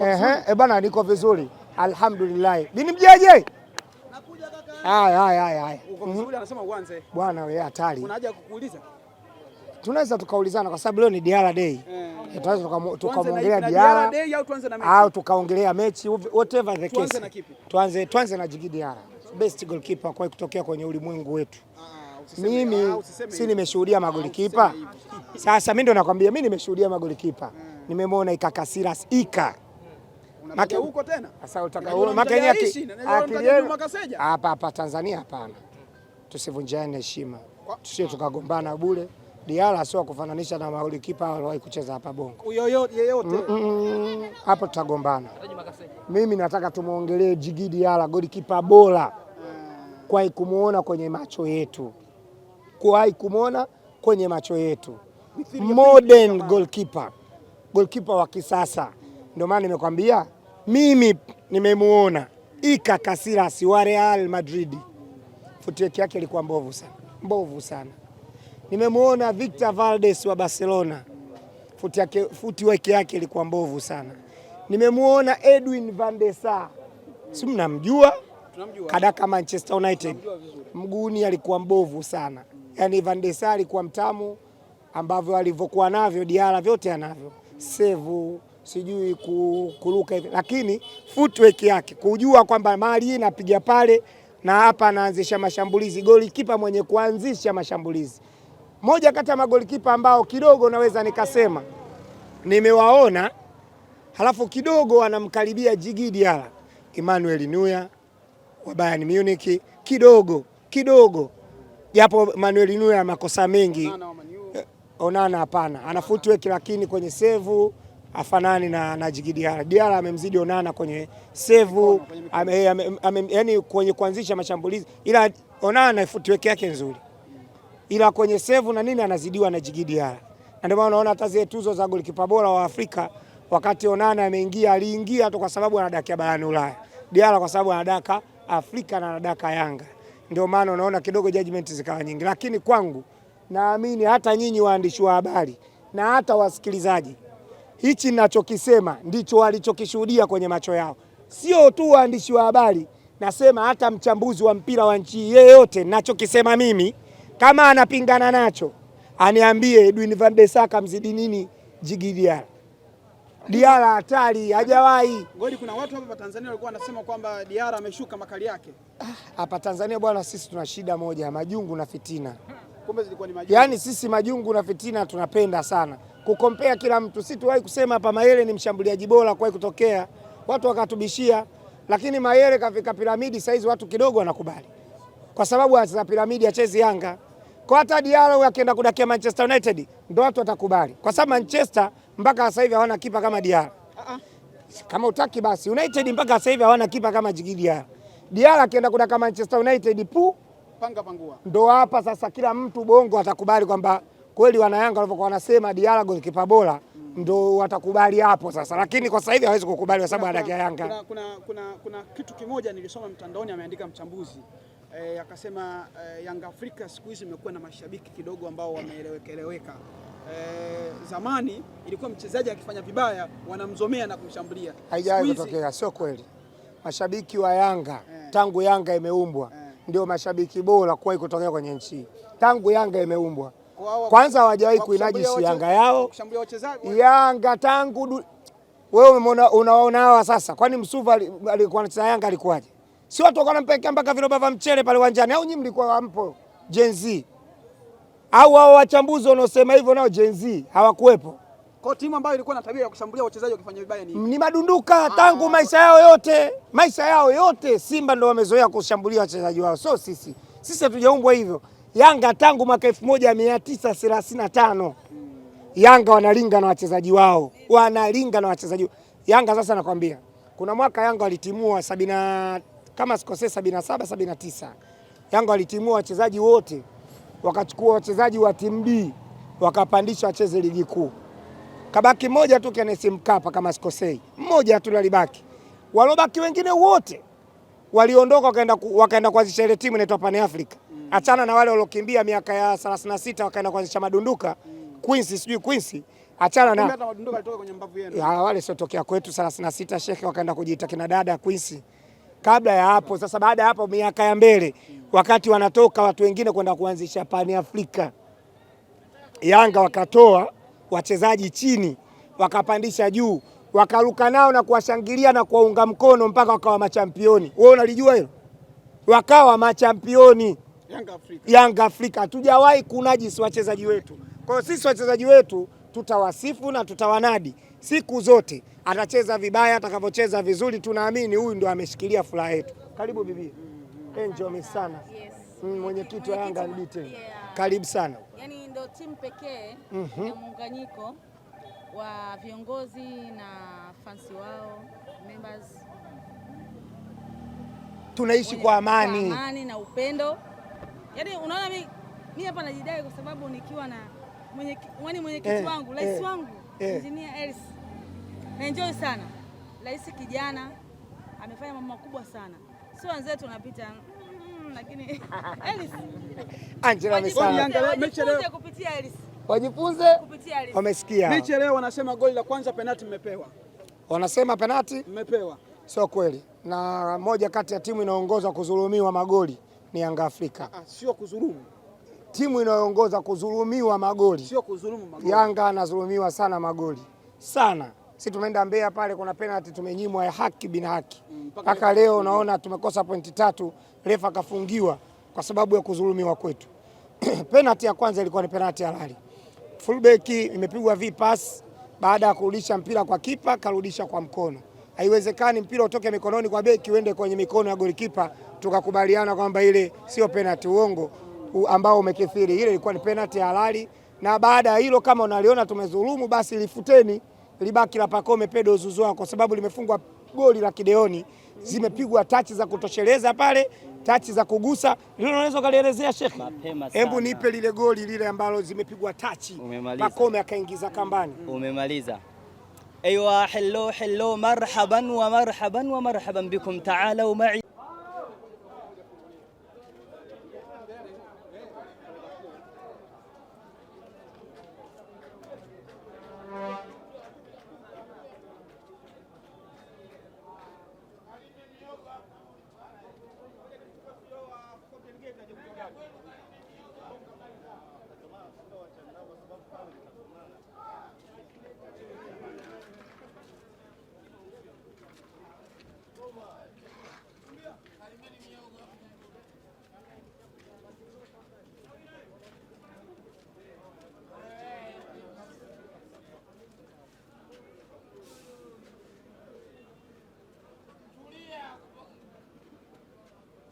Ehe, Eh, bana niko vizuri alhamdulillah. Bini mjeje? nakuja kaka. Haya haya haya. Uko vizuri mhm. anasema uanze. Bwana wewe hatari. Kuna haja kukuuliza? Tunaweza tukaulizana kwa sababu leo ni Diara Day. Eh, eh Tunaweza tukamwongelea Diara Day au tuanze na mechi? Au tukaongelea mechi whatever the case. Tuanze na kipi? Tuanze tuanze na Jigi Diara. Best goalkeeper kwa kutokea kwenye ulimwengu wetu. Ah, ah, mimi ah, si nimeshuhudia magoli kipa. Sasa mimi ndo nakwambia mimi nimeshuhudia magoli kipa. Eh. Nimemwona ikakasiras ika kuna huko tena. Sasa utaka huko Makenya hapa hapa Tanzania hapana. Tusivunjane heshima. Tusio tukagombana bure. Diala sio kufananisha na mauli kipa aliwahi kucheza hapa Bongo. Huyo yeyote. Hapo tutagombana. Mimi nataka tumuongelee Jigi Diala golikipa bora ah. kuwahi kumuona kwenye macho yetu, kuwahi kumuona kwenye macho yetu, modern goalkeeper, goalkeeper wa kisasa. Ndio maana nimekwambia mimi nimemuona Ika Casillas wa Real Madrid, footwork yake ilikuwa mbovu sana, mbovu sana. Nimemuona Victor Valdes wa Barcelona, footwork yake ilikuwa mbovu sana. Nimemuona Edwin van der Sar, si mnamjua, kadaka Manchester United, mguuni alikuwa mbovu sana. Yani van der Sar alikuwa mtamu ambavyo alivyokuwa navyo diara vyote anavyo sevu sijui kuruka hivi, lakini footwork yake kujua kwamba mali hii napiga pale na hapa anaanzisha mashambulizi. Golikipa mwenye kuanzisha mashambulizi, moja kati ya magolikipa ambao kidogo naweza nikasema nimewaona, halafu kidogo anamkaribia jigidi Ala, Emmanuel Neuer wa Bayern Munich kidogo kidogo, japo Emmanuel Neuer makosa mengi. Onana eh, hapana, ana footwork lakini kwenye sevu afanani na, na Jigidiara. Diara amemzidi Onana kwenye sevu, ame, ame, ame, ame, yani kwenye kuanzisha mashambulizi, ila Onana footwork yake nzuri, ila kwenye sevu na nini anazidiwa na Jigidiara, na ndio maana unaona hata zile tuzo za golikipa bora wa Afrika wakati Onana ameingia, aliingia tu kwa sababu anadaka barani Ulaya, Diara kwa sababu anadaka Afrika na anadaka Yanga, ndio maana unaona kidogo judgment zikawa nyingi, lakini kwangu naamini hata nyinyi waandishi wa habari na hata wasikilizaji hichi nachokisema ndicho walichokishuhudia kwenye macho yao, sio tu waandishi wa habari, nasema hata mchambuzi wa mpira wa nchi yeyote. Nachokisema mimi kama anapingana nacho aniambie Edwin van de Saka mzidi nini Jigi Diara. hatari, hajawahi goli. Kuna watu hapa Tanzania walikuwa wanasema kwamba Diara ameshuka makali yake. Hapa Tanzania bwana, sisi tuna shida moja, majungu na fitina. Kumbe zilikuwa ni majungu. Yaani sisi majungu na fitina tunapenda sana kukompea kila mtu. Si tuwahi kusema hapa Mayele ni mshambuliaji bora kuwahi kutokea, watu wakatubishia, lakini Mayele kafika piramidi saizi watu kidogo wanakubali, kwa sababu za piramidi, achezi Yanga. Kwa hata Diallo akienda kudakia Manchester United ndio watu watakubali, kwa sababu Manchester mpaka sasa hivi hawana kipa kama Diallo. Uh -uh. Kama utaki basi United mpaka sasa hivi hawana kipa kama Jigidi. Diallo. Diallo akienda kudakia Manchester United pu panga pangua, ndio hapa sasa kila mtu bongo atakubali kwamba kweli wanayanga walivyokuwa wanasema Diala golikipa bora ndo watakubali hapo sasa, lakini kwa sasa hivi hawezi kukubali kwa sababu anakia Yanga. Kuna, kuna, kuna, kuna kitu kimoja nilisoma mtandaoni ameandika mchambuzi e, akasema e, Yanga Afrika siku hizi imekuwa na mashabiki kidogo ambao wameelewekeleweka. E, eh, zamani ilikuwa mchezaji akifanya vibaya wanamzomea na kumshambulia. Haijawahi kutokea, sio kweli. Mashabiki wa Yanga e, tangu Yanga imeumbwa e, ndio mashabiki bora kuwahi kutokea kwenye nchi tangu Yanga imeumbwa kwanza hawajawahi kuinajisi Yanga yao. Yanga tangu wewe umeona unaona hawa sasa, kwani Msuva alikuwa anacheza Yanga alikuwaje? Si watu walikuwa wanampekea mpaka viroba vya mchele pale uwanjani, au nyinyi mlikuwa hampo Gen Z? Au hao wachambuzi wanaosema hivyo nao Gen Z hawakuwepo? Kwa timu ambayo ilikuwa na tabia ya kushambulia wachezaji wakifanya vibaya ni ni madunduka ah. tangu maisha yao yote, maisha yao yote Simba ndio wamezoea kushambulia wachezaji wao, so sisi sisi hatujaumbwa hivyo. Yanga tangu mwaka 1935 Yanga wanalinga na wachezaji wao, wanalinga na wachezaji Yanga. Sasa nakwambia kuna mwaka Yanga walitimua sabina, kama sikosee, sabini na saba sabini na tisa Yanga walitimua wachezaji wote, wakachukua wachezaji wa timu B wakapandisha wacheze ligi kuu. Kabaki moja tu KNS Mkapa, kama sikosei, mmoja tu alibaki. Walobaki wengine wote waliondoka, wakaenda wakaenda kuanzisha ile timu inaitwa Pan Africa achana na wale waliokimbia miaka ya 36 wakaenda kuanzisha madunduka Quincy, sijui Queens achana na ya, yalitoka wale sio tokea kwetu 36 shekhe, wakaenda kujiita kina dada Queens kabla ya hapo. Sasa baada ya hapo miaka ya mbele, wakati wanatoka watu wengine kwenda kuanzisha pani Afrika Yanga wakatoa wachezaji chini, wakapandisha juu, wakaruka nao na kuwashangilia na kuwaunga mkono mpaka wakawa machampioni. Wewe unalijua hilo? Wakawa machampioni. Yanga Afrika hatujawahi kunajisi wachezaji wetu. Kwa hiyo sisi wachezaji wetu tutawasifu na tutawanadi siku zote, atacheza vibaya, atakavyocheza vizuri, tunaamini huyu ndo ameshikilia furaha yetu. Karibu bibi enjoy sana mm, mwenyekiti wa Yanga NBT, karibu sana. Yaani ndio timu pekee mhm. ya muunganyiko wa viongozi na fans wao members, tunaishi kwa amani, kwa amani na upendo Yaani unaona mimi mimi hapa najidai kwa sababu nikiwa na mwenyekiti yaani mwenye mwenyekiti eh, wangu, eh, rais eh, wangu eh, Engineer Hersi. Naenjoy sana. Rais kijana amefanya mambo makubwa sana. Sio wenzetu wanapita mm, mm, lakini Angela amesema kupitia Wajifunze wamesikia. Mechi leo wanasema goli la kwanza penati mmepewa. Wanasema penati mmepewa. Sio kweli. Na moja kati ya timu inaongoza kuzulumiwa magoli ni Yanga Afrika. Ah, ah, sio kudhulumu. Timu inayoongoza kudhulumiwa magoli. Sio kudhulumu magoli. Yanga anadhulumiwa sana magoli sana. Si tumeenda Mbeya pale, kuna penalty tumenyimwa ya haki bin haki mm, mpaka mm, leo unaona tumekosa pointi tatu, refa kafungiwa kwa sababu ya kudhulumiwa kwetu. penalty ya kwanza ilikuwa ni penalty halali, fullback imepigwa V pass baada ya kurudisha mpira kwa kipa, karudisha kwa mkono. Haiwezekani mpira utoke mikononi kwa beki uende kwenye mikono ya golikipa tukakubaliana kwamba ile sio penati uongo ambao umekithiri, ile ilikuwa ni penati halali. Na baada ya hilo, kama unaliona tumezulumu, basi lifuteni, libaki la Pacome Pedro Zouzoua, kwa sababu limefungwa goli la Kideoni, zimepigwa tachi za kutosheleza pale, tachi za kugusa. Lile unaweza ukalielezea shekhi? Hebu nipe lile goli lile ambalo zimepigwa tachi, Pacome akaingiza kambani. Umemaliza. Aywa, hello hello, marhaban wa marhaban wa marhaban bikum,